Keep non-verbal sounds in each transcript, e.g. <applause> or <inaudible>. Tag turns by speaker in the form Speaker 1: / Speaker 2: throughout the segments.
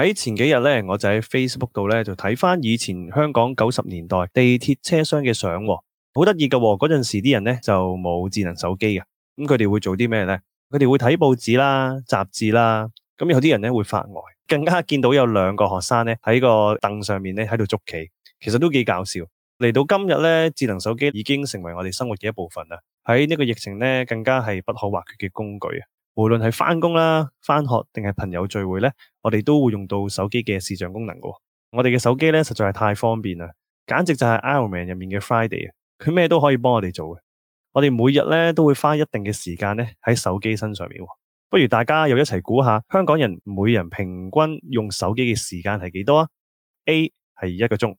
Speaker 1: 喺前幾日呢，我就喺 Facebook 度呢就睇返以前香港九十年代地鐵車廂嘅相，好得意嘅。嗰陣時啲人呢就冇智能手機嘅，咁佢哋會做啲咩呢？佢哋會睇報紙啦、雜誌啦，咁有啲人呢會發呆、呃，更加見到有兩個學生呢喺個凳上面呢喺度捉棋，其實都幾搞笑。嚟到今日呢，智能手機已經成為我哋生活嘅一部分啦。喺呢個疫情呢，更加係不可或缺嘅工具。無論係返工啦、返學定係朋友聚會咧，我哋都會用到手機嘅視像功能噶。我哋嘅手機咧，實在係太方便啦，簡直就係 Ironman 入面嘅 Friday，佢咩都可以幫我哋做嘅。我哋每日咧都會花一定嘅時間咧喺手機身上面。不如大家又一齊估下，香港人每人平均用手機嘅時間係幾多啊？A 係一個鐘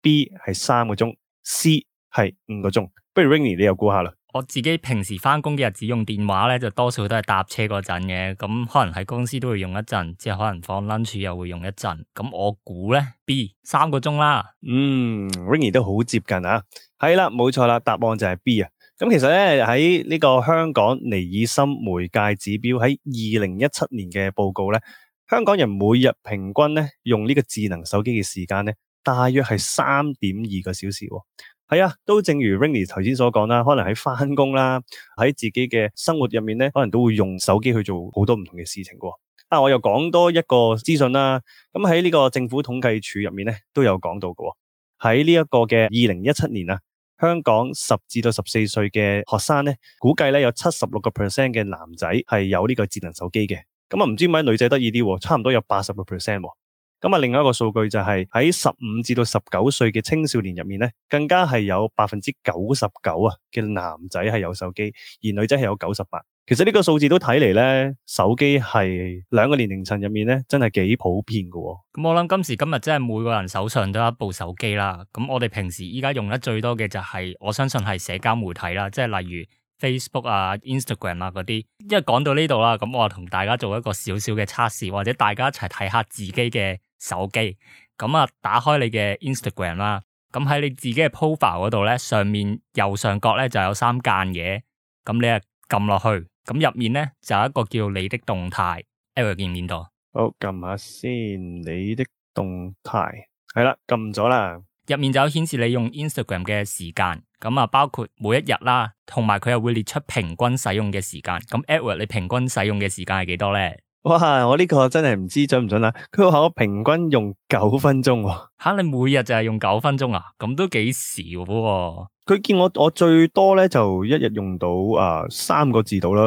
Speaker 1: ，B 係三個鐘，C 係五個鐘。不如 Rainy 你又估下啦。我自己平時翻工嘅日子用
Speaker 2: 電話咧，就多數都係搭車嗰陣嘅，咁可能喺公司都會用一陣，即係可能放 lunch
Speaker 1: 又會用一陣。咁我估咧 B 三個鐘啦。嗯 Rainy 都好接近啊，係啦，冇錯啦，答案就係 B 啊。咁、嗯、其實咧喺呢個香港尼爾森媒介指標喺二零一七年嘅報告咧，香港人每日平均咧用呢個智能手機嘅時間咧，大約係三點二個小時、啊。係啊，都正如 Rainy 頭先所講啦，可能喺翻工啦，喺自己嘅生活入面咧，可能都會用手機去做好多唔同嘅事情嘅。啊，我又講多一個資訊啦，咁喺呢個政府統計處入面咧都有講到嘅喎，喺呢一個嘅二零一七年啊，香港十至到十四歲嘅學生咧，估計咧有七十六個 percent 嘅男仔係有呢個智能手機嘅，咁啊唔知咪女仔得意啲，差唔多有八十五 percent 喎。咁啊，另外一個數據就係喺十五至到十九歲嘅青少年入面呢，更加係有百分之九十九啊嘅男仔係有手機，而女仔係有九十八。其實呢個數字都睇嚟呢，手機係兩個年齡層入面呢，真係幾普遍嘅，
Speaker 2: 哦。咁、嗯、我諗今時今日即係每個人手上都有一部手機啦。咁、嗯、我哋平時依家用得最多嘅就係、是、我相信係社交媒體啦，即係例如，Facebook 啊、Instagram 啊嗰啲。因為講到呢度啦，咁我同大家做一個少少嘅測試，或者大家一齊睇下自己嘅手機。咁啊，打開你嘅 Instagram 啦，咁喺你自己嘅 profile 嗰度咧，上面右上角咧就有三間嘢，咁你啊撳落去，咁入面咧就有一個叫做你的動態，你見唔見到？
Speaker 1: 好，撳下先，你的動態，係啦，撳咗啦，
Speaker 2: 入面就有顯示你用 Instagram 嘅時間。咁啊，包括每一日啦，同埋佢又會列出平均使用嘅時間。咁 Edward，你平均使用嘅時間係幾多咧？
Speaker 1: 哇，我呢個真係唔知準唔準啦、啊。佢話我平均用九分鐘喎、
Speaker 2: 哦。吓、啊，你每日就係用九分鐘啊？咁都幾
Speaker 1: 少喎。佢見我我最多咧就一日用到啊三個字到啦。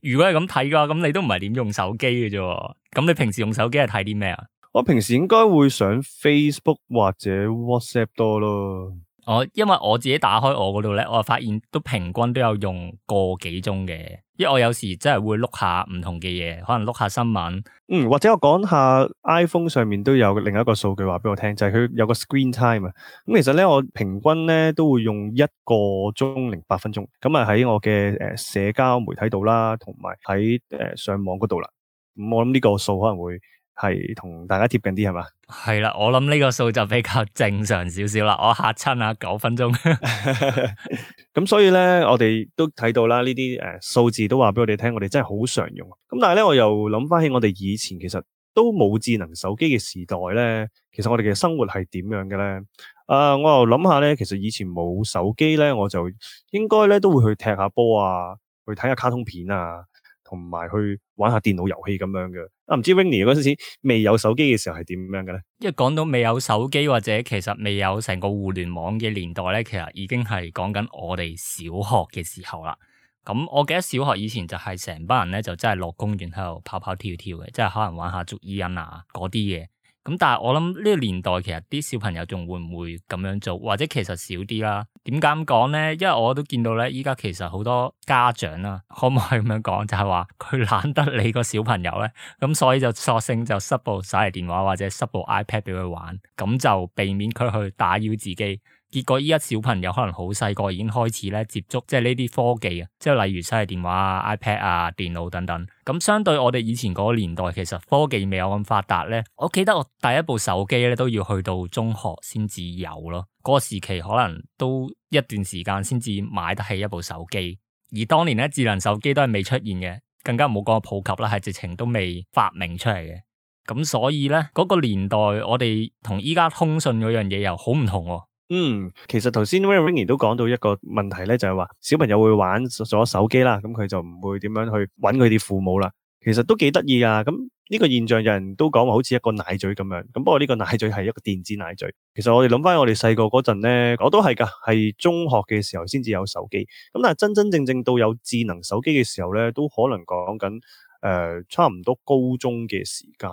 Speaker 2: 如果係咁睇嘅話，咁你都唔係點用手機嘅啫。咁你平時用手機係睇啲
Speaker 1: 咩啊？我平時應該會上 Facebook 或者 WhatsApp 多咯。
Speaker 2: 我因為我自己打開我嗰度咧，我就發現都平均都有用個幾鐘嘅，因為我有時真係會碌下唔同嘅嘢，可能碌下新聞，
Speaker 1: 嗯，或者我講下 iPhone 上面都有另一個數據話俾我聽，就係、是、佢有個 Screen Time 啊，咁、嗯、其實咧我平均咧都會用一個鐘零八分鐘，咁啊喺我嘅誒社交媒體度啦，同埋喺誒上網嗰度啦，咁、嗯、我諗呢個數可能會。係同大家貼近啲係嘛？
Speaker 2: 係啦，我諗呢個數就比較正常少少啦。我吓親啊九分鐘，
Speaker 1: 咁 <laughs> <laughs> 所以咧，我哋都睇到啦，呢啲誒數字都話俾我哋聽，我哋真係好常用。咁但係咧，我又諗翻起我哋以前其實都冇智能手機嘅時代咧，其實我哋嘅生活係點樣嘅咧？誒、呃，我又諗下咧，其實以前冇手機咧，我就應該咧都會去踢下波啊，去睇下卡通片啊，同埋去玩下電腦遊戲咁樣嘅。啊，唔知 Rainy 嗰陣時未有手機嘅時候係點樣嘅咧？
Speaker 2: 一講到未有手機或者其實未有成個互聯網嘅年代咧，其實已經係講緊我哋小學嘅時候啦。咁我記得小學以前就係成班人咧，就真係落公園喺度跑跑跳跳嘅，即係可能玩下捉伊人啊嗰啲嘢。咁但係我諗呢個年代其實啲小朋友仲會唔會咁樣做，或者其實少啲啦？點解咁講咧？因為我都見到咧，依家其實好多家長啊，可唔可以咁樣講，就係話佢懶得理個小朋友咧，咁所以就索性就塞部手提電話或者塞部 iPad 俾佢玩，咁就避免佢去打擾自己。結果依家小朋友可能好細個已經開始咧接觸，即係呢啲科技啊，即係例如手提電話 iPad 啊、電腦等等。咁相對我哋以前嗰個年代，其實科技未有咁發達咧。我記得我第一部手機咧都要去到中學先至有咯。嗰個時期可能都一段時間先至買得起一部手機，而當年咧智能手機都係未出現嘅，更加冇講普及啦，係直情都未發明出嚟嘅。咁所以咧嗰個年代我哋同依家通訊嗰樣嘢又好唔同喎。
Speaker 1: 嗯，其實頭先 Rainy 都講到一個問題咧，就係話小朋友會玩咗手機啦，咁佢就唔會點樣去揾佢啲父母啦。其實都幾得意啊。咁呢個現象有人都講話好似一個奶嘴咁樣，咁不過呢個奶嘴係一個電子奶嘴。其實我哋諗翻我哋細個嗰陣咧，我都係噶，係中學嘅時候先至有手機，咁但係真真正正到有智能手機嘅時候咧，都可能講緊誒差唔多高中嘅時間。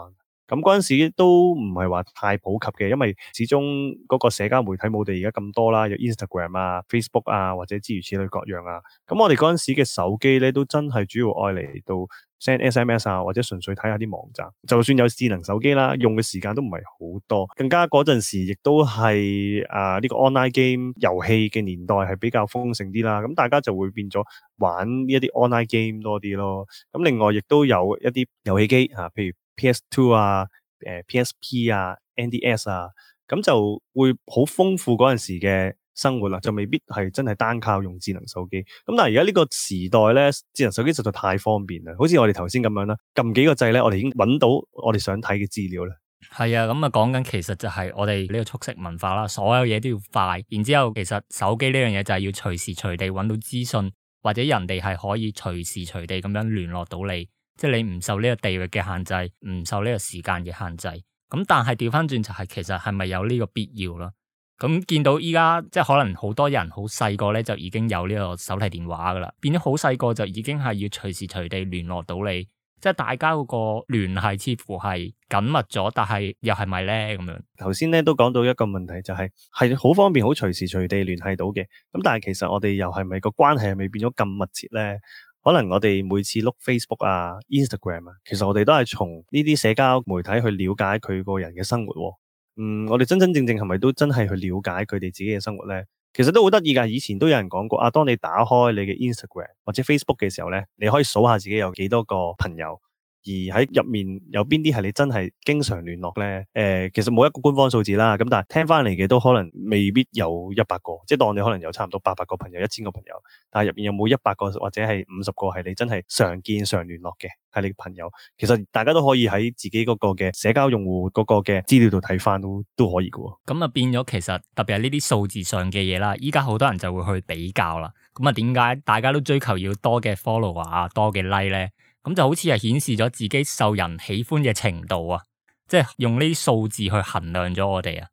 Speaker 1: 咁嗰陣時都唔係話太普及嘅，因為始終嗰個社交媒體冇我哋而家咁多啦，有 Instagram 啊、Facebook 啊，或者諸如此類各樣啊。咁我哋嗰陣時嘅手機咧，都真係主要愛嚟到 send SMS 啊，或者純粹睇下啲網站。就算有智能手機啦，用嘅時間都唔係好多。更加嗰陣時亦都係誒呢個 online game 遊戲嘅年代係比較豐盛啲啦。咁大家就會變咗玩呢一啲 online game 多啲咯。咁另外亦都有一啲遊戲機啊，譬如。P.S. Two 啊，誒、呃、P.S.P 啊，N.D.S 啊，咁、啊、就會好豐富嗰陣時嘅生活啦，就未必係真係單靠用智能手機。咁但係而家呢個時代咧，智能手機實在太方便啦，好似我哋頭先咁樣啦，撳幾個掣咧，我哋已經揾到我哋想睇嘅資料啦。
Speaker 2: 係啊，咁啊講緊其實就係我哋呢個速食文化啦，所有嘢都要快。然之後其實手機呢樣嘢就係要隨時隨地揾到資訊，或者人哋係可以隨時隨地咁樣聯絡到你。即係你唔受呢個地域嘅限制，唔受呢個時間嘅限制。咁但係調翻轉就係、是，其實係咪有呢個必要啦？咁見到依家即係可能好多人好細個咧，就已經有呢個手提電話噶啦，變咗好細個就已經係要隨時隨地聯絡到你。即係大家個聯繫似乎係緊密咗，但係又係咪咧咁樣？
Speaker 1: 頭先咧都講到一個問題，就係係好方便，好隨時隨地聯繫到嘅。咁但係其實我哋又係咪、這個關係係咪變咗咁密切咧？可能我哋每次碌 Facebook 啊、Instagram 啊，其實我哋都係從呢啲社交媒體去了解佢個人嘅生活啊。嗯，我哋真真正正係咪都真係去了解佢哋自己嘅生活呢？其實都好得意㗎。以前都有人講過啊，當你打開你嘅 Instagram 或者 Facebook 嘅時候呢，你可以數下自己有幾多個朋友。而喺入面有邊啲係你真係經常聯絡咧？誒、呃，其實冇一個官方數字啦。咁但係聽翻嚟嘅都可能未必有一百個，即係當你可能有差唔多八百個朋友、一千個朋友，但係入面有冇一百個或者係五十個係你真係常見常聯絡嘅係你嘅朋友？其實大家都可以喺自己嗰個嘅社交用戶嗰個嘅資料度睇翻都都可以嘅
Speaker 2: 喎。咁啊變咗其實特別係呢啲數字上嘅嘢啦，依家好多人就會去比較啦。咁啊點解大家都追求要多嘅 follow 啊，多嘅 like 咧？咁就好似係顯示咗自己受人喜歡嘅程度啊，即係用呢啲數字去衡量咗我哋啊，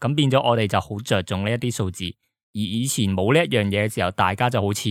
Speaker 2: 咁變咗我哋就好着重呢一啲數字，而以前冇呢一樣嘢嘅時候，大家就好似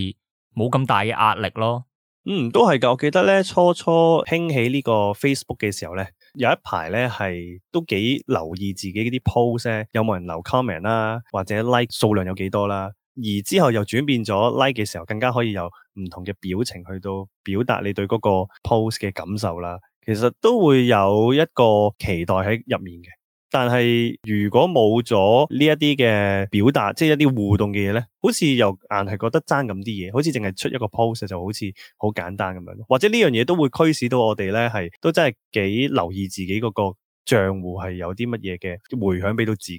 Speaker 2: 冇咁大嘅壓力咯。
Speaker 1: 嗯，都係噶，我記得咧初初興起呢個 Facebook 嘅時候咧，有一排咧係都幾留意自己嗰啲 post 咧，有冇人留 comment 啦、啊，或者 like 數量有幾多啦、啊。而之後又轉變咗 like 嘅時候，更加可以有唔同嘅表情去到表達你對嗰個 post 嘅感受啦。其實都會有一個期待喺入面嘅。但係如果冇咗呢一啲嘅表達，即係一啲互動嘅嘢咧，好似又硬係覺得爭咁啲嘢，好似淨係出一個 post 就好似好簡單咁樣。或者呢樣嘢都會驅使到我哋咧，係都真係幾留意自己嗰個賬戶係有啲乜嘢嘅迴響俾到自己。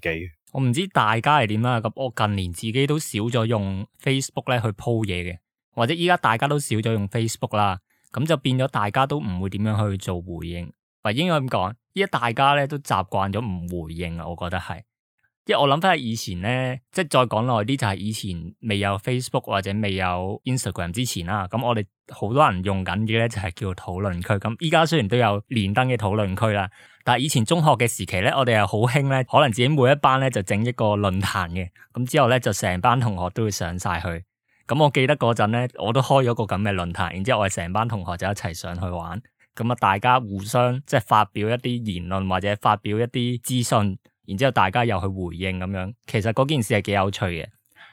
Speaker 2: 我唔知大家係點啦，咁我近年自己都少咗用 Facebook 咧，去鋪嘢嘅，或者依家大家都少咗用 Facebook 啦，咁就變咗大家都唔會點樣去做回應，或應該咁講？依家大家咧都習慣咗唔回應啊，我覺得係。即係我諗翻起以前咧，即係再講耐啲，就係以前未有 Facebook 或者未有 Instagram 之前啦。咁我哋好多人用緊嘅咧就係叫討論區。咁依家雖然都有連登嘅討論區啦，但係以前中學嘅時期咧，我哋又好興咧，可能自己每一班咧就整一個論壇嘅。咁之後咧就成班同學都會上晒去。咁我記得嗰陣咧，我都開咗個咁嘅論壇，然之後我哋成班同學就一齊上去玩。咁啊，大家互相即係發表一啲言論或者發表一啲資訊。然之後大家又去回應咁樣，其實嗰件事係幾有趣嘅。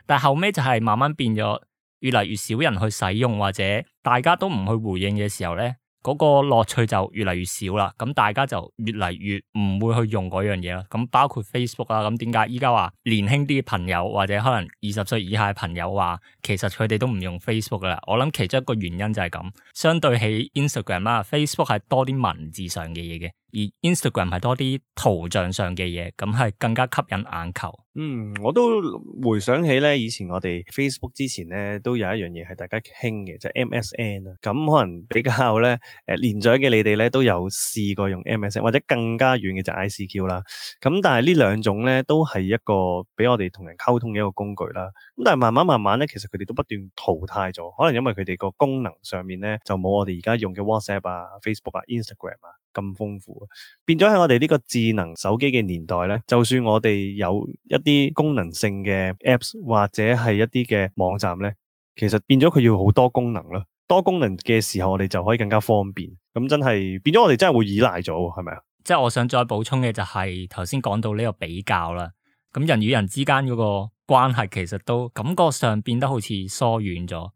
Speaker 2: 但後尾就係慢慢變咗，越嚟越少人去使用或者大家都唔去回應嘅時候咧，嗰個樂趣就越嚟越少啦。咁大家就越嚟越唔會去用嗰樣嘢啦。咁包括 Facebook 啦，咁點解依家話年輕啲嘅朋友或者可能二十歲以下嘅朋友話，其實佢哋都唔用 Facebook 噶啦？我諗其中一個原因就係咁，相對起 Instagram 啦，Facebook 係多啲文字上嘅嘢嘅。而 Instagram 係多啲圖像上嘅嘢，咁係更加吸引眼球。
Speaker 1: 嗯，我都回想起咧，以前我哋 Facebook 之前咧都有一樣嘢係大家傾嘅，就係、MSN 啊。咁、嗯、可能比較咧，誒、呃、年長嘅你哋咧都有試過用 MSN，或者更加遠嘅就 ICQ 啦。咁、嗯、但係呢兩種咧都係一個俾我哋同人溝通嘅一個工具啦。咁、嗯、但係慢慢慢慢咧，其實佢哋都不斷淘汰咗，可能因為佢哋個功能上面咧就冇我哋而家用嘅 WhatsApp 啊、Facebook 啊、Instagram 啊，咁豐富，變咗喺我哋呢個智能手機嘅年代咧，就算我哋有一啲功能性嘅 Apps 或者係一啲嘅網站咧，其實變咗佢要好多功能咯。多功能嘅時候，我哋就可以更加方便。咁真係變咗，我哋真係會依賴咗，係咪啊？
Speaker 2: 即係我想再補充嘅就係頭先講到呢個比較啦。咁人與人之間嗰個關係其實都感覺上變得好似疏遠咗。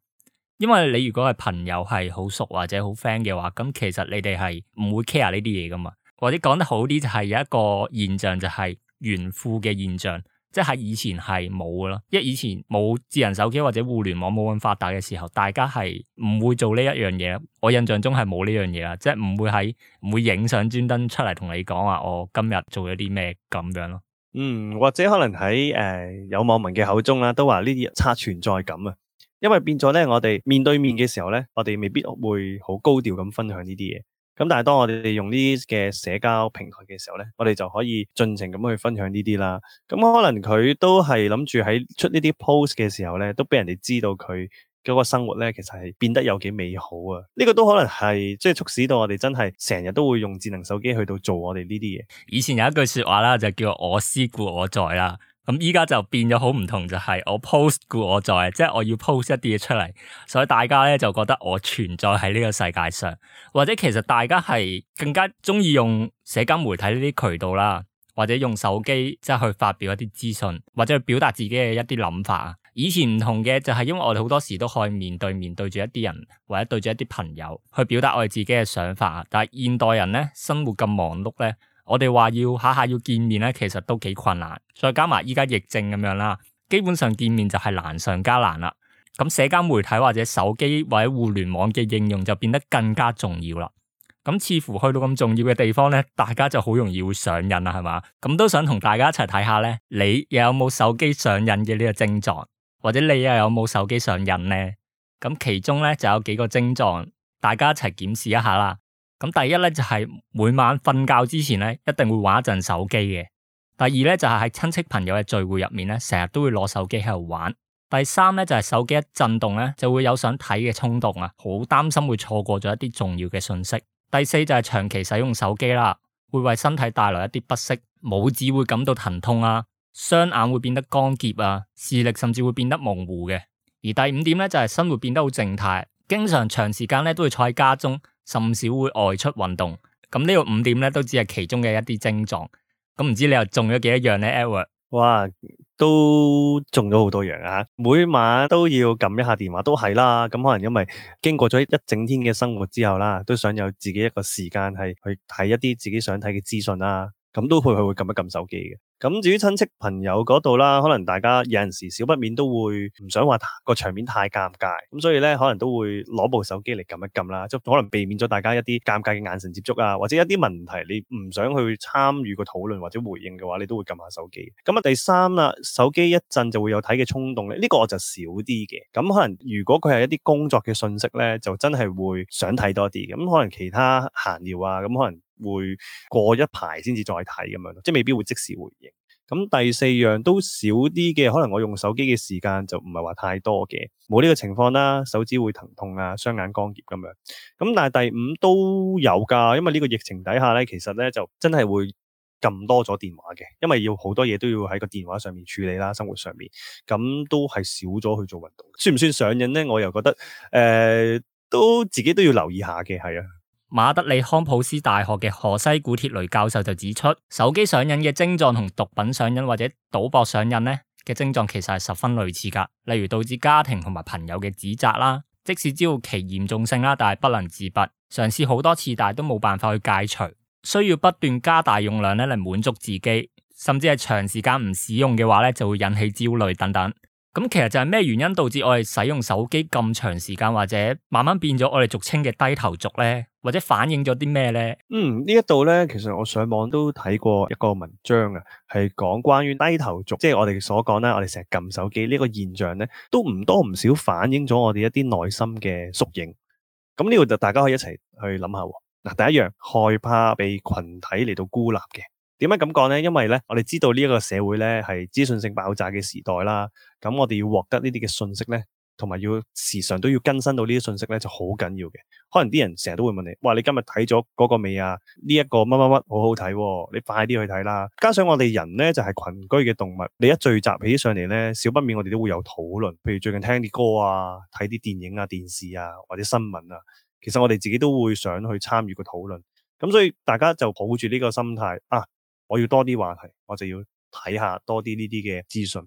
Speaker 2: 因為你如果係朋友係好熟或者好 friend 嘅話，咁其實你哋係唔會 care 呢啲嘢噶嘛。或者講得好啲就係有一個現象就係炫富嘅現象，即係以前係冇噶啦。因為以前冇智能手機或者互聯網冇咁發達嘅時候，大家係唔會做呢一樣嘢。我印象中係冇呢樣嘢啦，即係唔會喺唔會影相專登出嚟同你講話，我今日做咗啲咩咁樣咯。
Speaker 1: 嗯，或者可能喺誒、呃、有網民嘅口中啦、啊，都話呢啲刷存在感啊。因為變咗咧，我哋面對面嘅時候咧，我哋未必會好高調咁分享呢啲嘢。咁但係當我哋用呢啲嘅社交平台嘅時候咧，我哋就可以盡情咁去分享呢啲啦。咁、嗯、可能佢都係諗住喺出呢啲 post 嘅時候咧，都俾人哋知道佢嗰個生活咧，其實係變得有幾美好啊。呢、呢個都可能係即係促使到我哋真係成日都會用智能手機去到做我哋呢啲嘢。
Speaker 2: 以前有一句說話啦，就叫我思故我在啦。咁依家就變咗好唔同，就係我 post 故我在，即係我要 post 一啲嘢出嚟，所以大家咧就覺得我存在喺呢個世界上，或者其實大家係更加中意用社交媒體呢啲渠道啦，或者用手機即係去發表一啲資訊，或者去表達自己嘅一啲諗法啊。以前唔同嘅就係因為我哋好多時都可以面對面對住一啲人，或者對住一啲朋友去表達我哋自己嘅想法，但係現代人咧生活咁忙碌咧。我哋話要下下要見面咧，其實都幾困難。再加埋依家疫症咁樣啦，基本上見面就係難上加難啦。咁社交媒體或者手機或者互聯網嘅應用就變得更加重要啦。咁似乎去到咁重要嘅地方咧，大家就好容易會上癮啦，係嘛？咁都想同大家一齊睇下咧，你又有冇手機上癮嘅呢個症狀，或者你又有冇手機上癮咧？咁其中咧就有幾個症狀，大家一齊檢視一下啦。咁第一咧就係每晚瞓覺之前咧，一定會玩一陣手機嘅。第二咧就係喺親戚朋友嘅聚會入面咧，成日都會攞手機喺度玩。第三咧就係手機一震動咧，就會有想睇嘅衝動啊，好擔心會錯過咗一啲重要嘅信息。第四就係長期使用手機啦，會為身體帶來一啲不適，拇指會感到疼痛啊，雙眼會變得乾澀啊，視力甚至會變得模糊嘅。而第五點咧就係生活變得好靜態，經常長時間咧都會坐喺家中。甚少會外出運動，咁呢個五點咧都只係其中嘅一啲症
Speaker 1: 狀，咁唔知你又中咗幾多樣咧？Edward，哇，都中咗好多樣啊！每晚都要撳一下電話，都係啦，咁可能因為經過咗一整天嘅生活之後啦，都想有自己一個時間係去睇一啲自己想睇嘅資訊啦，咁都會去會撳一撳手機嘅。咁至於親戚朋友嗰度啦，可能大家有陣時少不免都會唔想話個場面太尷尬，咁所以呢，可能都會攞部手機嚟撳一撳啦，就可能避免咗大家一啲尷尬嘅眼神接觸啊，或者一啲問題你唔想去參與個討論或者回應嘅話，你都會撳下手機。咁、嗯、啊第三啦，手機一震就會有睇嘅衝動咧，呢、這個我就少啲嘅。咁、嗯、可能如果佢係一啲工作嘅訊息呢，就真係會想睇多啲。咁、嗯、可能其他閒聊啊，咁、嗯、可能。會過一排先至再睇咁樣，即係未必會即時回應。咁第四樣都少啲嘅，可能我用手機嘅時間就唔係話太多嘅，冇呢個情況啦。手指會疼痛啊，雙眼乾澀咁樣。咁但係第五都有噶，因為呢個疫情底下咧，其實咧就真係會撳多咗電話嘅，因為要好多嘢都要喺個電話上面處理啦，生活上面咁都係少咗去做運動。算唔算上癮咧？我又覺得誒、呃，都自己都要留意下嘅，係啊。
Speaker 2: 馬德里康普斯大學嘅何西古鐵雷教授就指出，手機上癮嘅症狀同毒品上癮或者賭博上癮呢嘅症狀其實係十分類似噶，例如導致家庭同埋朋友嘅指責啦，即使知道其嚴重性啦，但係不能自拔，嘗試好多次但係都冇辦法去戒除，需要不斷加大用量呢嚟滿足自己，甚至係長時間唔使用嘅話呢就會引起焦慮等等。咁其實就係咩原因導致我哋使用手機咁長時間，或者慢慢變咗我哋俗稱嘅低頭族咧，或者反映咗啲咩咧？
Speaker 1: 嗯，呢一度咧，其實我上網都睇過一個文章啊，係講關於低頭族，即係我哋所講啦，我哋成日撳手機呢個現象咧，都唔多唔少反映咗我哋一啲內心嘅縮影。咁呢度就大家可以一齊去諗下。嗱，第一樣，害怕被群體嚟到孤立嘅。點解咁講咧？因為咧，我哋知道呢一個社會咧係資訊性爆炸嘅時代啦。咁我哋要獲得呢啲嘅信息咧，同埋要時常都要更新到呢啲信息咧，就好緊要嘅。可能啲人成日都會問你，哇！你今日睇咗嗰個未啊？呢一個乜乜乜好好睇喎，你快啲去睇啦！加上我哋人咧就係群居嘅動物，你一聚集起上嚟咧，少不免我哋都會有討論。譬如最近聽啲歌啊，睇啲電影啊、電視啊或者新聞啊，其實我哋自己都會想去參與個討論。咁所以大家就抱住呢個心態啊～我要多啲話題，我就要睇下多啲呢啲嘅資訊。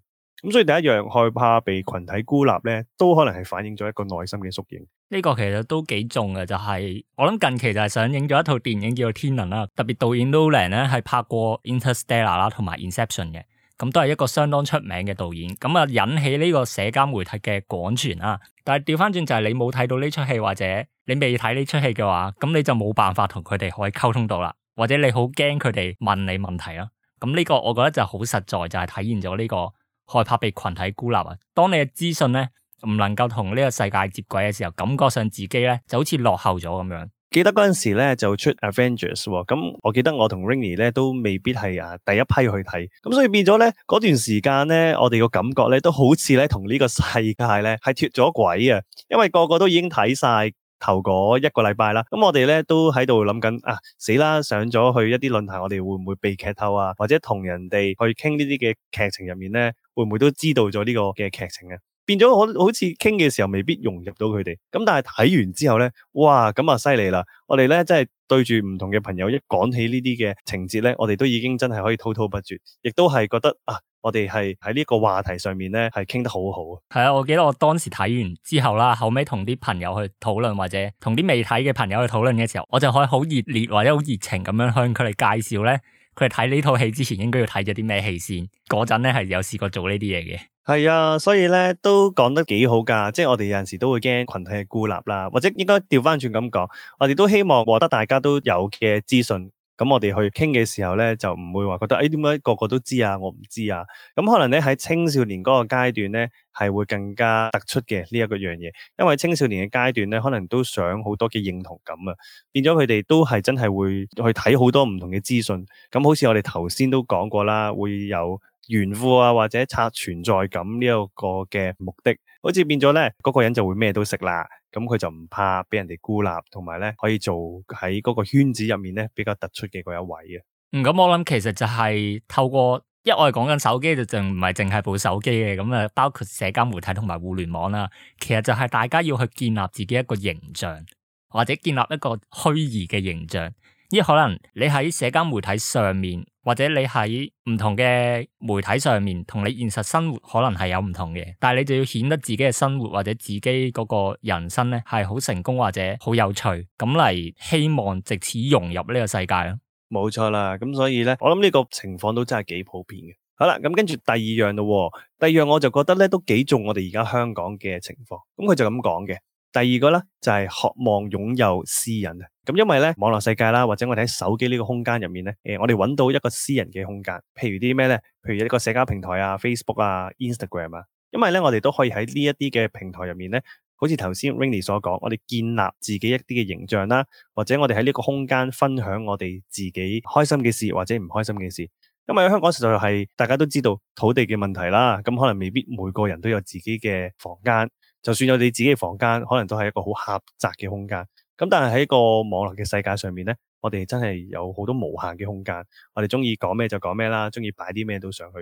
Speaker 1: 咁所以第一樣害怕被群體孤立咧，都可能係反映咗一個內心嘅縮影。呢個其實都幾重
Speaker 2: 嘅，就係、是、我諗近期就係上映咗一套電影叫做《天能》啦。特別導演 Nolan 呢，係拍過《Interstellar》啦同埋《Inception》嘅，咁都係一個相當出名嘅導演。咁啊引起呢個社交媒體嘅廣傳啦。但係調翻轉就係你冇睇到呢齣戲或者你未睇呢齣戲嘅話，咁你就冇辦法同佢哋可以溝通到啦。或者你好驚佢哋問你問題啦，咁呢個我覺得就好實在，就係、是、體現咗呢個害怕被群體孤立啊。當你嘅資訊咧唔能夠同呢個世界接軌嘅時候，感覺上自己咧就好似落
Speaker 1: 後咗咁樣。記得嗰陣時咧就出 Avengers 喎，咁、哦、我記得我同 Rainy 咧都未必係啊第一批去睇，咁所以變咗咧嗰段時間咧，我哋個感覺咧都好似咧同呢個世界咧係脫咗軌啊，因為個個都已經睇晒。頭嗰一個禮拜啦，咁我哋咧都喺度諗緊啊死啦！上咗去一啲論壇，我哋會唔會被劇透啊？或者同人哋去傾呢啲嘅劇情入面咧，會唔會都知道咗呢個嘅劇情啊？變咗好好似傾嘅時候，未必融入到佢哋。咁但係睇完之後咧，哇！咁啊犀利啦！我哋咧真係對住唔同嘅朋友一講起呢啲嘅情節咧，我哋都已經真係可以滔滔不絕，亦都係覺得啊。我哋係喺呢個話題上面咧，係傾得好好。
Speaker 2: 係啊，我記得我當時睇完之後啦，後尾同啲朋友去討論，或者同啲未睇嘅朋友去討論嘅時候，我就可以好熱烈或者好熱情咁樣向佢哋介紹咧，佢哋睇呢套戲之前應該要睇咗啲咩戲先。嗰陣咧係有試過做呢啲嘢嘅。
Speaker 1: 係啊，所以咧都講得幾好噶，即係我哋有陣時都會驚群體嘅孤立啦，或者應該調翻轉咁講，我哋都希望獲得大家都有嘅資訊。咁我哋去傾嘅時候咧，就唔會話覺得誒，點解個個都知啊，我唔知啊。咁可能咧喺青少年嗰個階段咧，係會更加突出嘅呢一個樣嘢，因為青少年嘅階段咧，可能都想好多嘅認同感啊，變咗佢哋都係真係會去睇好多唔同嘅資訊。咁好似我哋頭先都講過啦，會有炫富啊或者刷存在感呢一個嘅目的。好似變咗咧，嗰個人就會咩都食啦，咁佢就唔怕俾人哋孤立，同埋咧可以做喺嗰個圈子入面咧比較突出嘅嗰一位啊。嗯，咁我諗
Speaker 2: 其實就係透過，我手機一，我哋講緊手機就仲唔係淨係部手機嘅，咁啊包括社交媒體同埋互聯網啦，其實就係大家要去建立自己一個形象，或者建立一個虛擬嘅形象，因為可能你喺社交媒體上面。或者你喺唔同嘅媒體上面，同你現實生活可能係有唔同嘅，但你就要顯得自己嘅生活或者自己嗰個人生呢係好成功或者好有
Speaker 1: 趣，咁嚟，希望借此融入呢個世界咯。冇錯啦，咁所以呢，我諗呢個情況都真係幾普遍嘅。好啦，咁跟住第二樣咯，第二樣我就覺得呢都幾中我哋而家香港嘅情況，咁佢就咁講嘅。第二個咧，就係、是、渴望擁有私隱。啊、嗯！咁因為咧網絡世界啦，或者我哋喺手機呢個空間入面咧，誒、呃，我哋揾到一個私人嘅空間，譬如啲咩咧？譬如一個社交平台啊，Facebook 啊，Instagram 啊，因為咧我哋都可以喺呢一啲嘅平台入面咧，好似頭先 Rainy 所講，我哋建立自己一啲嘅形象啦，或者我哋喺呢個空間分享我哋自己開心嘅事或者唔開心嘅事。嗯、因為喺香港實在係大家都知道土地嘅問題啦，咁、嗯、可能未必每個人都有自己嘅房間，就算有你自己嘅房間，可能都係一個好狹窄嘅空間。咁、嗯、但係喺個網絡嘅世界上面呢，我哋真係有好多無限嘅空間，我哋鍾意講咩就講咩啦，鍾意擺啲咩都上去，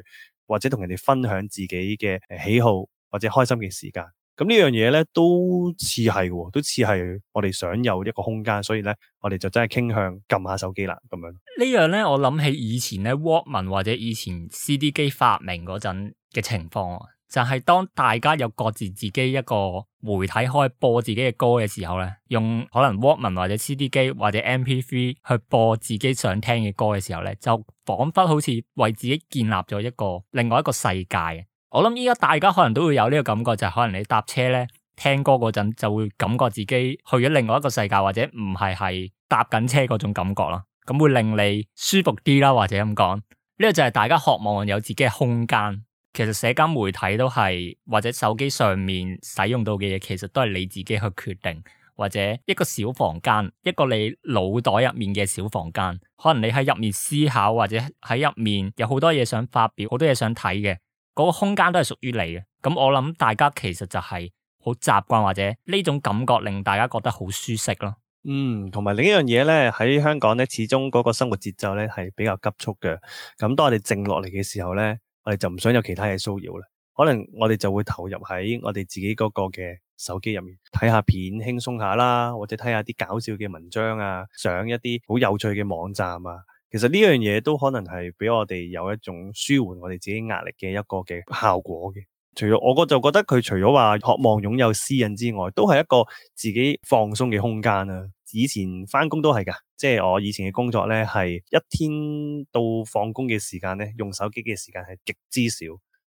Speaker 1: 或者同人哋分享自己嘅喜好或者開心嘅時間。咁呢樣嘢咧都似係喎，都似係我哋想有一個空間，所以咧我哋就真係傾向撳下手機啦咁樣。
Speaker 2: 呢樣咧，我諗起以前咧，Walkman 或者以前 CD 機發明嗰陣嘅情況啊，就係當大家有各自自己一個媒體開播自己嘅歌嘅時候咧，用可能 Walkman 或者 CD 機或者 MP3 去播自己想聽嘅歌嘅時候咧，就彷彿好似為自己建立咗一個另外一個世界。我諗而家大家可能都會有呢個感覺，就係可能你搭車咧聽歌嗰陣，就會感覺自己去咗另外一個世界，或者唔係係搭緊車嗰種感覺咯。咁會令你舒服啲啦，或者咁講。呢個就係大家渴望有自己嘅空間。其實社交媒體都係或者手機上面使用到嘅嘢，其實都係你自己去決定，或者一個小房間，一個你腦袋入面嘅小房間。可能你喺入面思考，或者喺入面有好多嘢想發表，好多嘢想睇嘅。嗰個空間都係屬於你嘅，咁我諗大家其實就係好習慣或者呢種感覺令大家覺得好舒適咯。
Speaker 1: 嗯，同埋另一樣嘢咧，喺香港咧，始終嗰個生活節奏咧係比較急促嘅，咁當我哋靜落嚟嘅時候咧，我哋就唔想有其他嘢騷擾啦。可能我哋就會投入喺我哋自己嗰個嘅手機入面，睇下片輕鬆下啦，或者睇下啲搞笑嘅文章啊，上一啲好有趣嘅網站啊。其實呢樣嘢都可能係俾我哋有一種舒緩我哋自己壓力嘅一個嘅效果嘅。除咗我個就覺得佢除咗話渴望擁有私隱之外，都係一個自己放鬆嘅空間啦，啊。以前翻工都係噶，即係我以前嘅工作呢係一天到放工嘅時間咧，用手機嘅時間係極之少，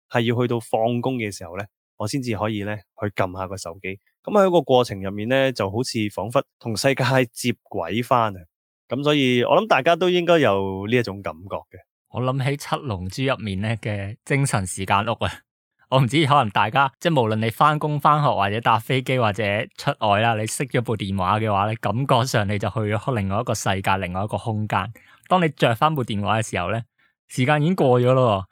Speaker 1: 係要去到放工嘅時候呢，我先至可以呢去撳下個手機。咁喺個過程入面呢，就好似仿佛同世界接軌翻嚟！咁所以，我諗大家都應該有呢一種感覺嘅。
Speaker 2: 我諗起《七龍珠》入面咧嘅精神時間屋啊，我唔知可能大家即係無論你翻工、翻學或者搭飛機或者出外啦，你熄咗部電話嘅話咧，感覺上你就去咗另外一個世界、另外一個空間。當你着翻部電話嘅時候咧，時間已經過咗咯。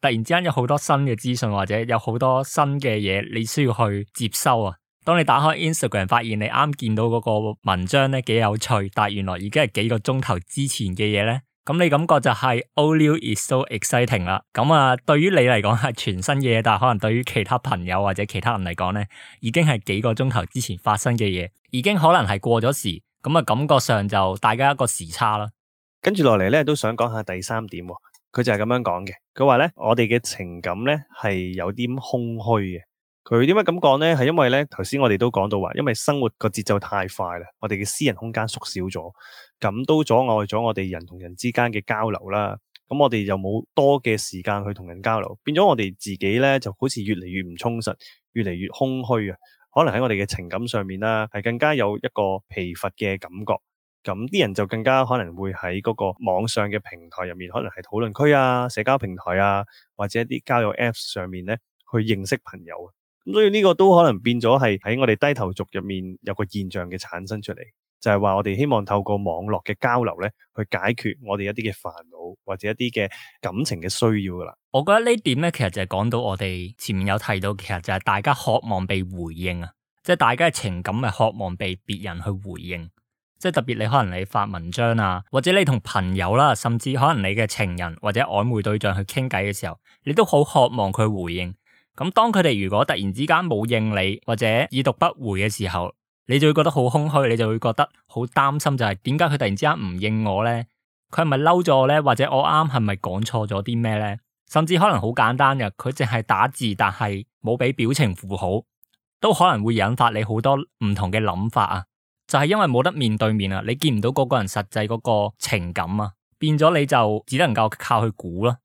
Speaker 2: 突然之間有好多新嘅資訊或者有好多新嘅嘢，你需要去接收啊。當你打開 Instagram，發現你啱見到嗰個文章咧幾有趣，但係原來已經係幾個鐘頭之前嘅嘢咧，咁你感覺就係 All new is so exciting 啦。咁啊，對於你嚟講係全新嘅嘢，但係可能對於其他朋友或者其他人嚟講咧，已經係幾個鐘頭之前發生嘅嘢，已經可能係過咗時，咁啊，感覺上就大家一個時差啦。
Speaker 1: 跟住落嚟咧，都想講下第三點喎。佢就係咁樣講嘅。佢話咧，我哋嘅情感咧係有啲空虛嘅。佢點解咁講咧？係因為咧，頭先我哋都講到話，因為生活個節奏太快啦，我哋嘅私人空間縮小咗，咁都阻礙咗我哋人同人之間嘅交流啦。咁我哋又冇多嘅時間去同人交流，變咗我哋自己咧就好似越嚟越唔充實，越嚟越空虛啊。可能喺我哋嘅情感上面啦，係更加有一個疲乏嘅感覺。咁啲人就更加可能會喺嗰個網上嘅平台入面，可能係討論區啊、社交平台啊，或者啲交友 Apps 上面咧，去認識朋友啊。所以呢個都可能變咗係喺我哋低頭族入面有個現象嘅產生出嚟，就係話我哋希望透過網絡嘅交流呢，去解決我哋一啲嘅煩惱或者一啲嘅感情嘅需要噶啦。
Speaker 2: 我覺得呢點呢，其實就係講到我哋前面有提到，其實就係大家渴望被回應啊，即係大家嘅情感係渴望被別人去回應，即係特別你可能你發文章啊，或者你同朋友啦、啊，甚至可能你嘅情人或者曖昧對象去傾偈嘅時候，你都好渴望佢回應。咁當佢哋如果突然之間冇應你或者已讀不回嘅時候，你就會覺得好空虛，你就會覺得好擔心、就是，就係點解佢突然之間唔應我咧？佢係咪嬲咗我咧？或者我啱係咪講錯咗啲咩咧？甚至可能好簡單嘅，佢淨係打字，但係冇俾表情符號，都可能會引發你好多唔同嘅諗法啊！就係、是、因為冇得面對面啊，你見唔到嗰個人實際嗰個情感啊，變咗你就只能夠靠去估啦。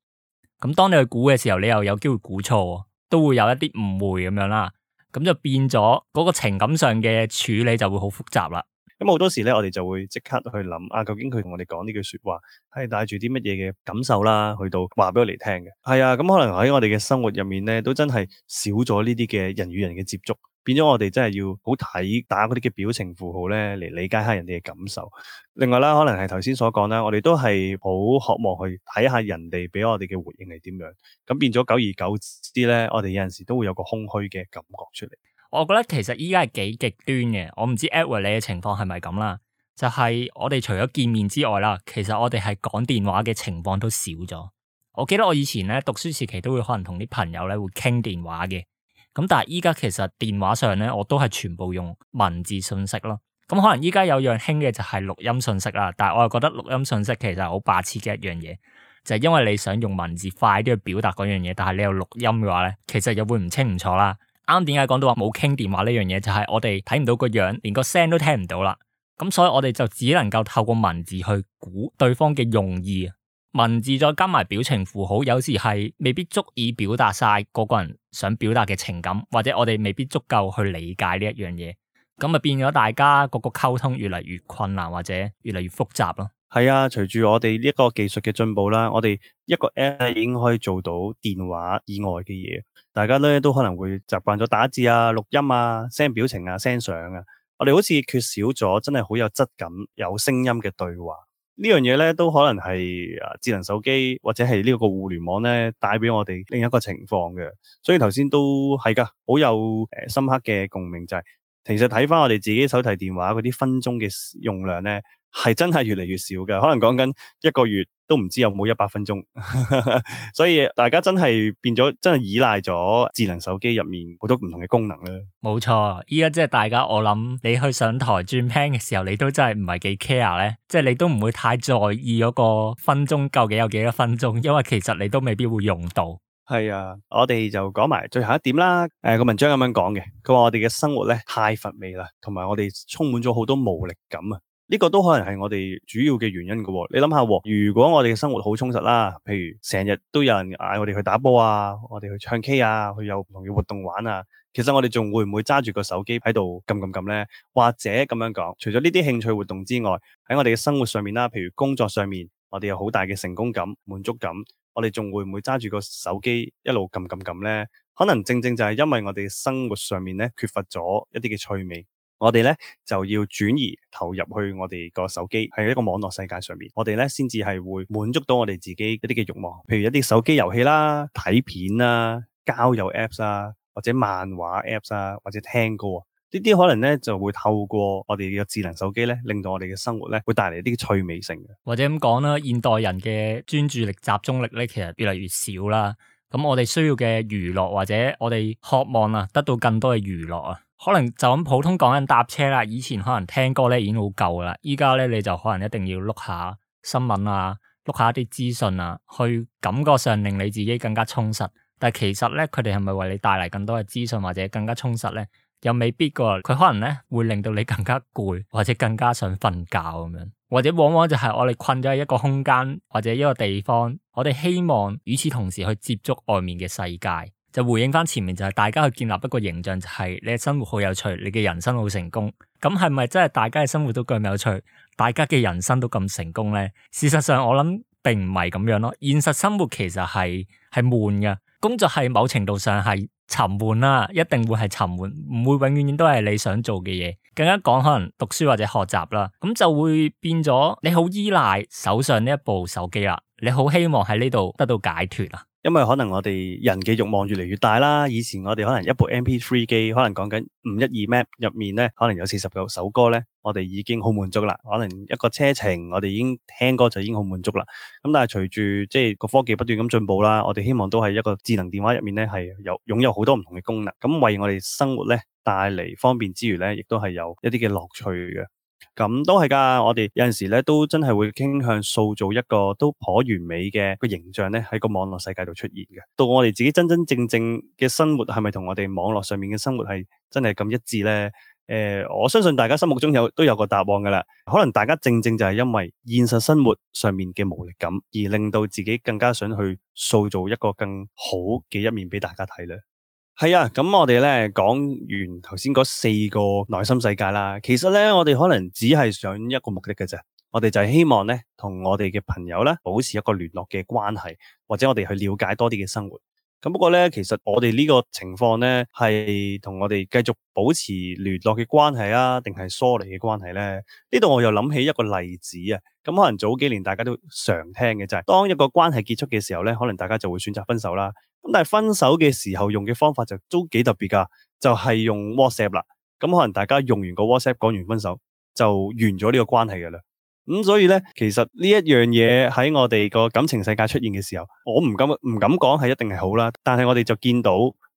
Speaker 2: 咁當你去估嘅時候，你又有機會估錯、啊。都會有一啲誤會咁樣啦，咁就變咗嗰個情感上嘅處理就會好複雜啦。
Speaker 1: 咁好多時咧，我哋就會即刻去諗啊，究竟佢同我哋講呢句說話係帶住啲乜嘢嘅感受啦，去到話俾我哋聽嘅。係啊，咁可能喺我哋嘅生活入面咧，都真係少咗呢啲嘅人與人嘅接觸。變咗我哋真係要好睇打嗰啲嘅表情符號咧嚟理解下人哋嘅感受。另外啦，可能係頭先所講啦，我哋都係好渴望去睇下人哋畀我哋嘅回應係點樣。咁變咗久而久之咧，我哋有陣時都會有個空虛嘅感覺出嚟。
Speaker 2: 我覺得其實依家係幾極端嘅。我唔知 Edward 你嘅情況係咪咁啦？就係我哋除咗見面之外啦，其實我哋係講電話嘅情況都少咗。我記得我以前咧讀書時期都會可能同啲朋友咧會傾電話嘅。咁但係而家其實電話上咧，我都係全部用文字信息咯。咁、嗯、可能而家有樣興嘅就係錄音信息啦，但係我又覺得錄音信息其實係好白痴嘅一樣嘢，就係、是、因為你想用文字快啲去表達嗰樣嘢，但係你又錄音嘅話咧，其實又會唔清唔楚啦。啱啱點解講到話冇傾電話呢樣嘢，就係、是、我哋睇唔到個樣，連個聲都聽唔到啦。咁所以我哋就只能夠透過文字去估對方嘅用意。文字再加埋表情符號，有時係未必足以表達晒個個人想表達嘅情感，或者我哋未必足夠去理解呢一樣嘢，咁啊變咗大家個個溝通越嚟越困難，或者越嚟越複雜咯。
Speaker 1: 係啊，隨住我哋呢一個技術嘅進步啦，我哋一個 App 已經可以做到電話以外嘅嘢，大家咧都可能會習慣咗打字啊、錄音啊、send 表情啊、send 相啊，我哋好似缺少咗真係好有質感、有聲音嘅對話。這呢樣嘢都可能係智能手機或者係呢個互聯網咧帶俾我哋另一個情況嘅，所以頭先都係㗎好有、呃、深刻嘅共鳴就係其實睇返我哋自己手提電話嗰啲分鐘嘅用量咧。係真係越嚟越少嘅，可能講緊一個月都唔知有冇一百分鐘， <laughs> 所以大家真係變咗，真係依賴咗智能手機入面好多唔同嘅功能咧。
Speaker 2: 冇錯，依家即係大家，我諗你去上台轉 plan 嘅時候，你都真係唔係幾 care 咧，即係你都唔會太在意嗰個分鐘究竟有幾多分鐘，因為其實你都未必會用到。
Speaker 1: 係啊，我哋就講埋最後一點啦。誒、呃，個文章咁樣講嘅，佢話我哋嘅生活咧太乏味啦，同埋我哋充滿咗好多無力感啊。呢個都可能係我哋主要嘅原因嘅喎、哦，你諗下喎，如果我哋嘅生活好充實啦，譬如成日都有人嗌我哋去打波啊，我哋去唱 K 啊，去有唔同嘅活動玩啊，其實我哋仲會唔會揸住個手機喺度撳撳撳呢？或者咁樣講，除咗呢啲興趣活動之外，喺我哋嘅生活上面啦，譬如工作上面，我哋有好大嘅成功感、滿足感，我哋仲會唔會揸住個手機一路撳撳撳呢？可能正正就係因為我哋生活上面咧缺乏咗一啲嘅趣味。我哋咧就要轉移投入去我哋個手機，喺一個網絡世界上面，我哋咧先至係會滿足到我哋自己嗰啲嘅慾望，譬如一啲手機遊戲啦、睇片啦、交友 apps 啊，或者漫畫 apps 啊，或者聽歌，呢啲可能咧就會透過我哋嘅智能手機咧，令到我哋嘅生活咧會帶嚟一啲趣味性嘅。
Speaker 2: 或者咁講啦，現代人嘅專注力、集中力咧，其實越嚟越少啦。咁我哋需要嘅娛樂或者我哋渴望啊，得到更多嘅娛樂啊。可能就咁普通講緊搭車啦，以前可能聽歌咧已經好舊啦，而家咧你就可能一定要碌下新聞啊，碌下一啲資訊啊，去感覺上令你自己更加充實。但係其實咧，佢哋係咪為你帶嚟更多嘅資訊或者更加充實咧？又未必噶，佢可能咧會令到你更加攰，或者更加想瞓覺咁樣。或者往往就係我哋困咗喺一個空間或者一個地方，我哋希望與此同時去接觸外面嘅世界。就回應翻前面，就係大家去建立一個形象，就係你嘅生活好有趣，你嘅人生好成功。咁係咪真係大家嘅生活都咁有趣，大家嘅人生都咁成功咧？事實上，我諗並唔係咁樣咯。現實生活其實係係悶㗎，工作係某程度上係沉悶啦，一定會係沉悶，唔會永遠都係你想做嘅嘢。更加講可能讀書或者學習啦，咁就會變咗你好依賴手上呢一部手機啦，你好希望喺
Speaker 1: 呢度得到解脫啊！因為可能我哋人嘅欲望越嚟越大啦，以前我哋可能一部 MP3 機，可能講緊五一二 map 入面呢，可能有四十九首歌呢，我哋已經好滿足啦。可能一個車程，我哋已經聽歌就已經好滿足啦。咁但係隨住即係個科技不斷咁進步啦，我哋希望都係一個智能電話入面呢，係有擁有好多唔同嘅功能，咁為我哋生活呢，帶嚟方便之餘呢，亦都係有一啲嘅樂趣嘅。咁都係噶，我哋有陣時咧都真係會傾向塑造一個都頗完美嘅個形象咧，喺個網絡世界度出現嘅。到我哋自己真真正正嘅生活係咪同我哋網絡上面嘅生活係真係咁一致呢？誒、呃，我相信大家心目中有都有個答案噶啦。可能大家正正就係因為現實生活上面嘅無力感，而令到自己更加想去塑造一個更好嘅一面俾大家睇呢。係啊，咁我哋呢講完頭先嗰四個內心世界啦，其實呢，我哋可能只係想一個目的嘅啫，我哋就係希望呢，同我哋嘅朋友呢，保持一個聯絡嘅關係，或者我哋去了解多啲嘅生活。不過咧，其實我哋呢個情況咧，係同我哋繼續保持聯絡嘅關係啊，定係疏離嘅關係咧？呢度我又諗起一個例子啊。咁、嗯、可能早幾年大家都常聽嘅就係、是，當一個關係結束嘅時候咧，可能大家就會選擇分手啦。咁但係分手嘅時候用嘅方法就都幾特別㗎，就係、是、用 WhatsApp 啦。咁、嗯、可能大家用完個 WhatsApp 講完分手，就完咗呢個關係嘅啦。咁、嗯、所以咧，其實呢一樣嘢喺我哋個感情世界出現嘅時候，我唔敢唔敢講係一定係好啦，但係我哋就見到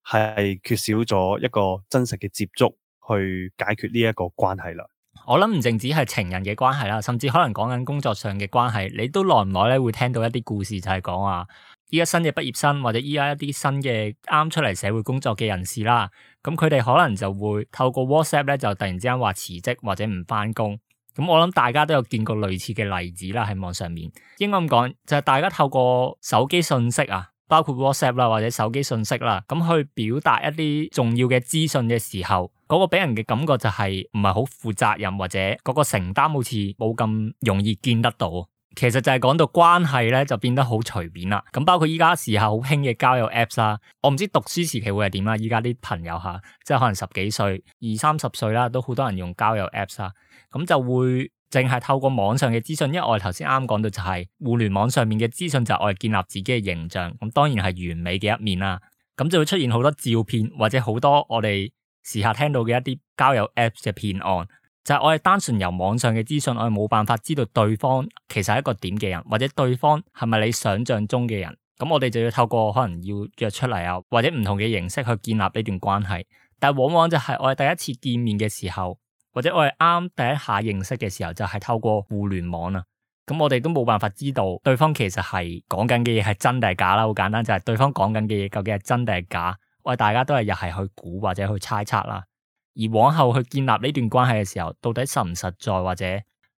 Speaker 1: 係缺少咗一個真實嘅接觸去解決呢一個關係啦。我諗唔淨止係
Speaker 2: 情人嘅關係啦，甚至可能講緊工作上嘅關係，你都耐唔耐咧會聽到一啲故事就，就係講話依家新嘅畢業生或者依家一啲新嘅啱出嚟社會工作嘅人士啦，咁佢哋可能就會透過 WhatsApp 咧就突然之間話辭職或者唔返工。咁我諗大家都有見過類似嘅例子啦，喺網上面，應該咁講就係大家透過手機信息啊，包括 WhatsApp 啦或者手機信息啦，咁去表達一啲重要嘅資訊嘅時候，嗰個俾人嘅感覺就係唔係好負責任或者嗰個承擔好似冇咁容易見得到。其實就係講到關係咧，就變得好隨便啦。咁包括依家時下好興嘅交友 Apps 啦，我唔知讀書時期會係點啦。依家啲朋友吓，即係可能十幾歲、二三十歲啦，都好多人用交友 Apps 啦。咁就會淨係透過網上嘅資訊，因為我哋頭先啱啱講到就係互聯網上面嘅資訊就係我哋建立自己嘅形象。咁當然係完美嘅一面啦。咁就會出現好多照片或者好多我哋時下聽到嘅一啲交友 Apps 嘅騙案。就係我哋單純由網上嘅資訊，我哋冇辦法知道對方其實係一個點嘅人，或者對方係咪你想象中嘅人？咁我哋就要透過可能要約出嚟啊，或者唔同嘅形式去建立呢段關係。但往往就係我哋第一次見面嘅時候，或者我哋啱第一下認識嘅時候，就係透過互聯網啊。咁我哋都冇辦法知道對方其實係講緊嘅嘢係真定係假啦。好簡單，就係對方講緊嘅嘢究竟係真定係假，我哋大家都係又係去估或者去猜測啦。而往後去建立呢段關係嘅時候，到底實唔實在，或者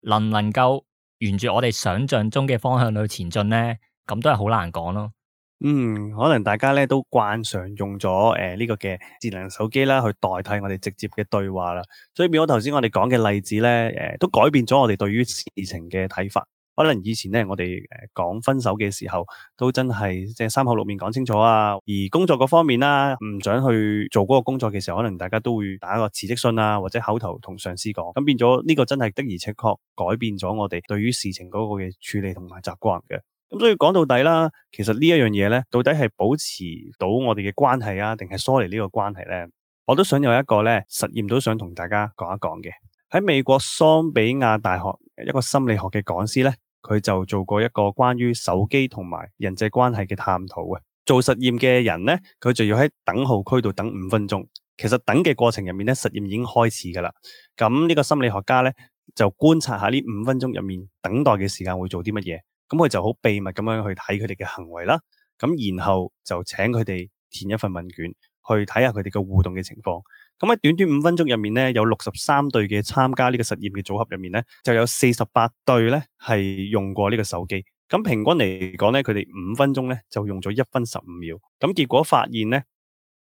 Speaker 2: 能唔能夠沿住我哋想象中嘅方向去前進咧？咁都係好難講
Speaker 1: 咯。嗯，可能大家咧都慣常用咗誒呢個嘅智能手機啦，去代替我哋直接嘅對話啦。所以，變咗頭先我哋講嘅例子咧，誒、呃、都改變咗我哋對於事情嘅睇法。可能以前呢，我哋誒講分手嘅時候，都真係即係三口六面講清楚啊。而工作嗰方面啦、啊，唔想去做嗰個工作嘅時候，可能大家都會打一個辭職信啊，或者口頭同上司講。咁變咗呢個真係的，的而且確改變咗我哋對於事情嗰個嘅處理同埋習慣嘅。咁所以講到底啦，其實呢一樣嘢呢，到底係保持到我哋嘅關係啊，定係疏離呢個關係呢？我都想有一個呢，實驗都想同大家講一講嘅。喺美國桑比亞大學一個心理學嘅講師呢。佢就做過一個關於手機同埋人際關係嘅探討啊。做實驗嘅人呢，佢就要喺等號區度等五分鐘。其實等嘅過程入面呢，實驗已經開始㗎喇。咁呢個心理學家呢，就觀察下呢五分鐘入面等待嘅時間會做啲乜嘢。咁佢就好秘密咁樣去睇佢哋嘅行為啦。咁然後就請佢哋填一份問卷，去睇下佢哋嘅互動嘅情況。咁喺短短五分鐘入面咧，有六十三對嘅參加呢個實驗嘅組合入面咧，就有四十八對咧係用過呢個手機。咁平均嚟講咧，佢哋五分鐘咧就用咗一分十五秒。咁結果發現咧，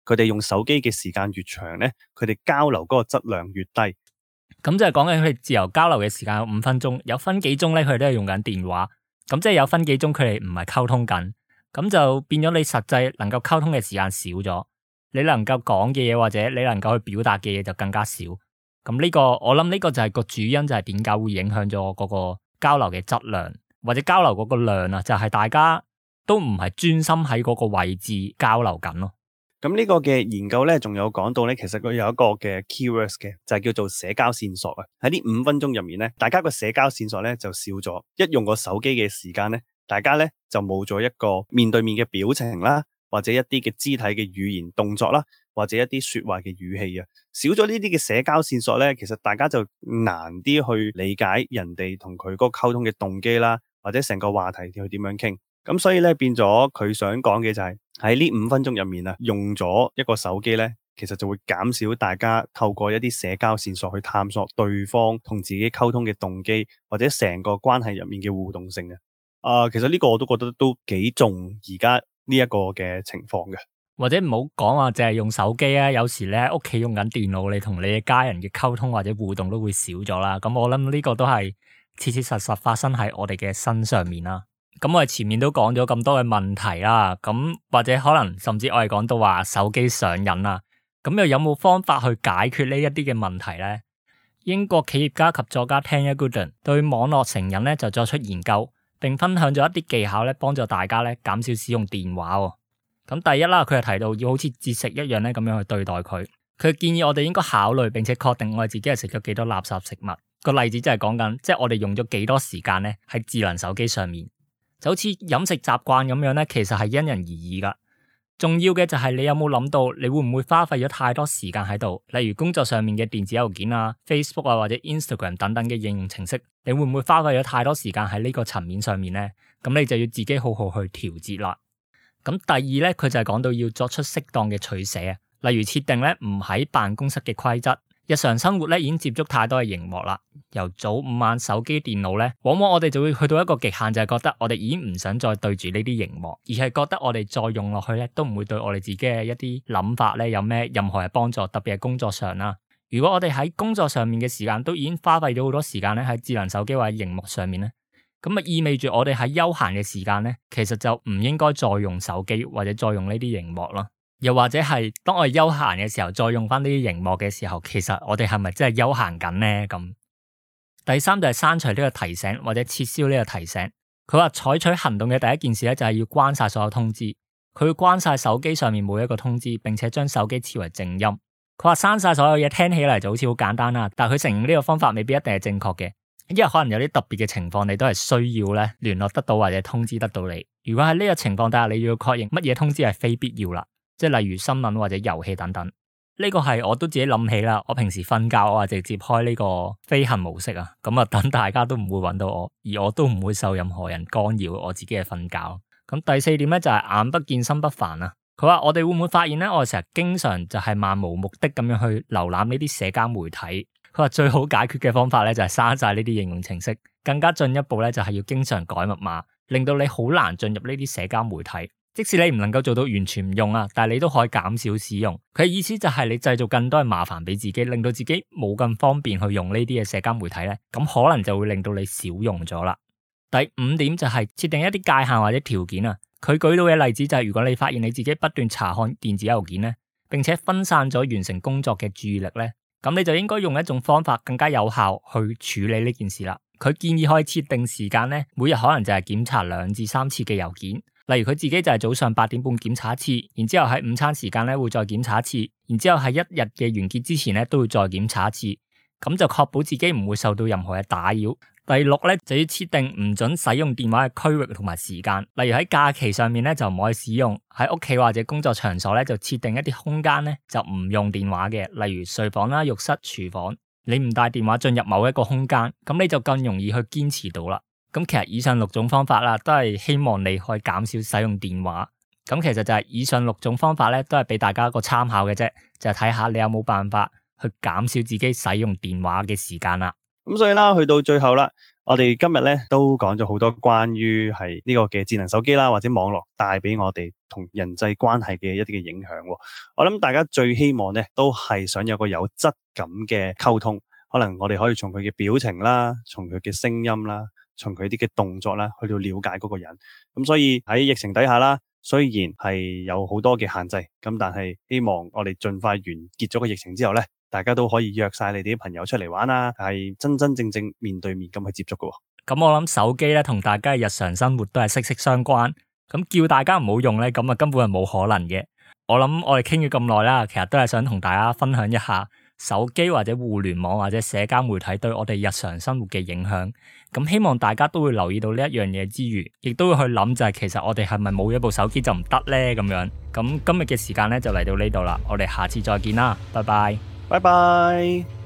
Speaker 1: 佢哋用手機嘅時間越長咧，佢哋交流嗰個質量越低。咁就係講緊佢哋自由交流嘅時
Speaker 2: 間有五分鐘，有分幾鐘咧，佢哋都係用緊電話。咁即係有分幾鐘佢哋唔係溝通緊，咁就變咗你實際能夠溝通嘅時間少咗。你能夠講嘅嘢，或者你能夠去表達嘅嘢就更加少，咁呢個，我諗呢個就係個主因，就係點解會影響咗我嗰個交流嘅質量或者交流嗰個量啊，就係大家都唔係專心喺嗰個位置交流緊咯。
Speaker 1: 咁呢個嘅研究呢，仲有講到呢，其實佢有一個嘅 keywords 嘅，就叫做社交線索啊。喺呢五分鐘入面呢，大家個社交線索呢就少咗，一用個手機嘅時間呢，大家呢就冇咗一個面對面嘅表情啦。或者一啲嘅肢體嘅語言動作啦，或者一啲說話嘅語氣啊，少咗呢啲嘅社交線索呢。其實大家就難啲去理解人哋同佢嗰個溝通嘅動機啦，或者成個話題去點樣傾。咁所以呢，變咗佢想講嘅就係喺呢五分鐘入面啊，用咗一個手機呢，其實就會減少大家透過一啲社交線索去探索對方同自己溝通嘅動機，或者成個關係入面嘅互動性啊。啊，呃，其實呢個我都覺得都幾重，而家。呢一個嘅情況嘅，
Speaker 2: 或者唔好講話，淨係用手機啊。有時咧，屋企用緊電腦，你同你家人嘅溝通或者互動都會少咗啦。咁我諗呢個都係切切實實發生喺我哋嘅身上面啦。咁我哋前面都講咗咁多嘅問題啦。咁或者可能甚至我哋講到話手機上癮啊。咁又有冇方法去解決呢一啲嘅問題咧？英國企業家及作家 Tanya Gooden 對網絡成癮咧就作出研究。並分享咗一啲技巧咧，幫助大家咧減少使用電話哦。咁第一啦，佢係提到要好似節食一樣咧，咁樣去對待佢。佢建議我哋應該考慮並且確定我哋自己係食咗幾多垃圾食物。個例子即係講緊，即係我哋用咗幾多時間咧，喺智能手機上面，就好似飲食習慣咁樣咧，其實係因人而異噶。重要嘅就係你有冇諗到，你會唔會花費咗太多時間喺度？例如工作上面嘅電子郵件啊、Facebook 啊或者 Instagram 等等嘅應用程式，你會唔會花費咗太多時間喺呢個層面上面咧？咁你就要自己好好去調節啦。咁第二咧，佢就係講到要作出適當嘅取捨，例如設定咧唔喺辦公室嘅規則。日常生活咧，已經接觸太多嘅熒幕啦，由早午晚手機電腦咧，往往我哋就會去到一個極限，就係覺得我哋已經唔想再對住呢啲熒幕，而係覺得我哋再用落去咧，都唔會對我哋自己嘅一啲諗法咧有咩任何嘅幫助，特別係工作上啦。如果我哋喺工作上面嘅時間都已經花費咗好多時間咧，喺智能手機或者熒幕上面咧，咁啊意味住我哋喺休閒嘅時間咧，其實就唔應該再用手機或者再用呢啲熒幕咯。又或者係當我哋休閒嘅時候，再用翻呢啲熒幕嘅時候，其實我哋係咪真係休閒緊呢？咁第三就係刪除呢個提醒或者撤銷呢個提醒。佢話採取行動嘅第一件事咧，就係要關晒所有通知。佢會關晒手機上面每一個通知，並且將手機設為靜音。佢話刪晒所有嘢，聽起嚟，就好似好簡單啦。但佢承認呢個方法未必一定係正確嘅，因為可能有啲特別嘅情況，你都係需要咧聯絡得到或者通知得到你。如果喺呢個情況底下，你要確認乜嘢通知係非必要啦。即係例如新聞或者遊戲等等，呢個係我都自己諗起啦。我平時瞓覺我係直接開呢個飛行模式啊，咁啊等大家都唔會搵到我，而我都唔會受任何人干擾，我自己嘅瞓覺。咁第四點咧就係眼不見心不煩啊。佢話我哋會唔會發現咧？我成日經常就係漫無目的咁樣去瀏覽呢啲社交媒體。佢話最好解決嘅方法咧就係刪晒呢啲應用程式，更加進一步咧就係要經常改密碼，令到你好難進入呢啲社交媒體。即使你唔能夠做到完全唔用啊，但係你都可以減少使用。佢嘅意思就係你製造更多嘅麻煩俾自己，令到自己冇咁方便去用呢啲嘅社交媒體呢，咁可能就會令到你少用咗啦。第五點就係設定一啲界限或者條件啊。佢舉到嘅例子就係如果你發現你自己不斷查看電子郵件呢，並且分散咗完成工作嘅注意力呢，咁你就應該用一種方法更加有效去處理呢件事啦。佢建議可以設定時間呢，每日可能就係檢查兩至三次嘅郵件。例如佢自己就係早上八點半檢查一次，然之後喺午餐時間咧會再檢查一次，然之後喺一日嘅完結之前都會再檢查一次，咁就確保自己唔會受到任何嘅打擾。第六就要設定唔准使用電話嘅區域同埋時間，例如喺假期上面就唔可以使用，喺屋企或者工作場所就設定一啲空間就唔用電話嘅，例如睡房、浴室、廚房，你唔帶電話進入某一個空間，咁你就更容易去堅持到啦。咁其實以上六種方法啦，都係希望你可以減少使用電話。咁其實就係以上六種方法咧，都係俾大家一個參考嘅啫，就係睇下你有冇辦法去減少自己使用電話嘅時間啦。
Speaker 1: 咁所以啦，去到最後啦，我哋今日咧都講咗好多關於係呢個嘅智能手機啦，或者網絡帶俾我哋同人際關係嘅一啲嘅影響。我諗大家最希望咧，都係想有個有質感嘅溝通。可能我哋可以從佢嘅表情啦，從佢嘅聲音啦。從佢啲嘅動作啦，去到了解嗰個人，咁所以喺疫情底下啦，雖然係有好多嘅限制，咁但係希望我哋盡快完結咗個疫情之後呢，大家都可以約晒你啲朋友出嚟玩啊，係真真正正面對面咁去接觸嘅。
Speaker 2: 咁我諗手機呢同大家嘅日常生活都係息息相關，咁叫大家唔好用呢，咁就根本係冇可能嘅。我諗我哋傾咗咁耐啦，其實都係想同大家分享一下。手機或者互聯網或者社交媒體對我哋日常生活嘅影響，咁希望大家都會留意到呢一樣嘢之餘，亦都會去諗就係其實我哋係咪冇咗部手機就唔得呢，咁樣？咁今日嘅時間咧就嚟到呢度啦，我哋下次再見啦，
Speaker 1: 拜拜，拜拜。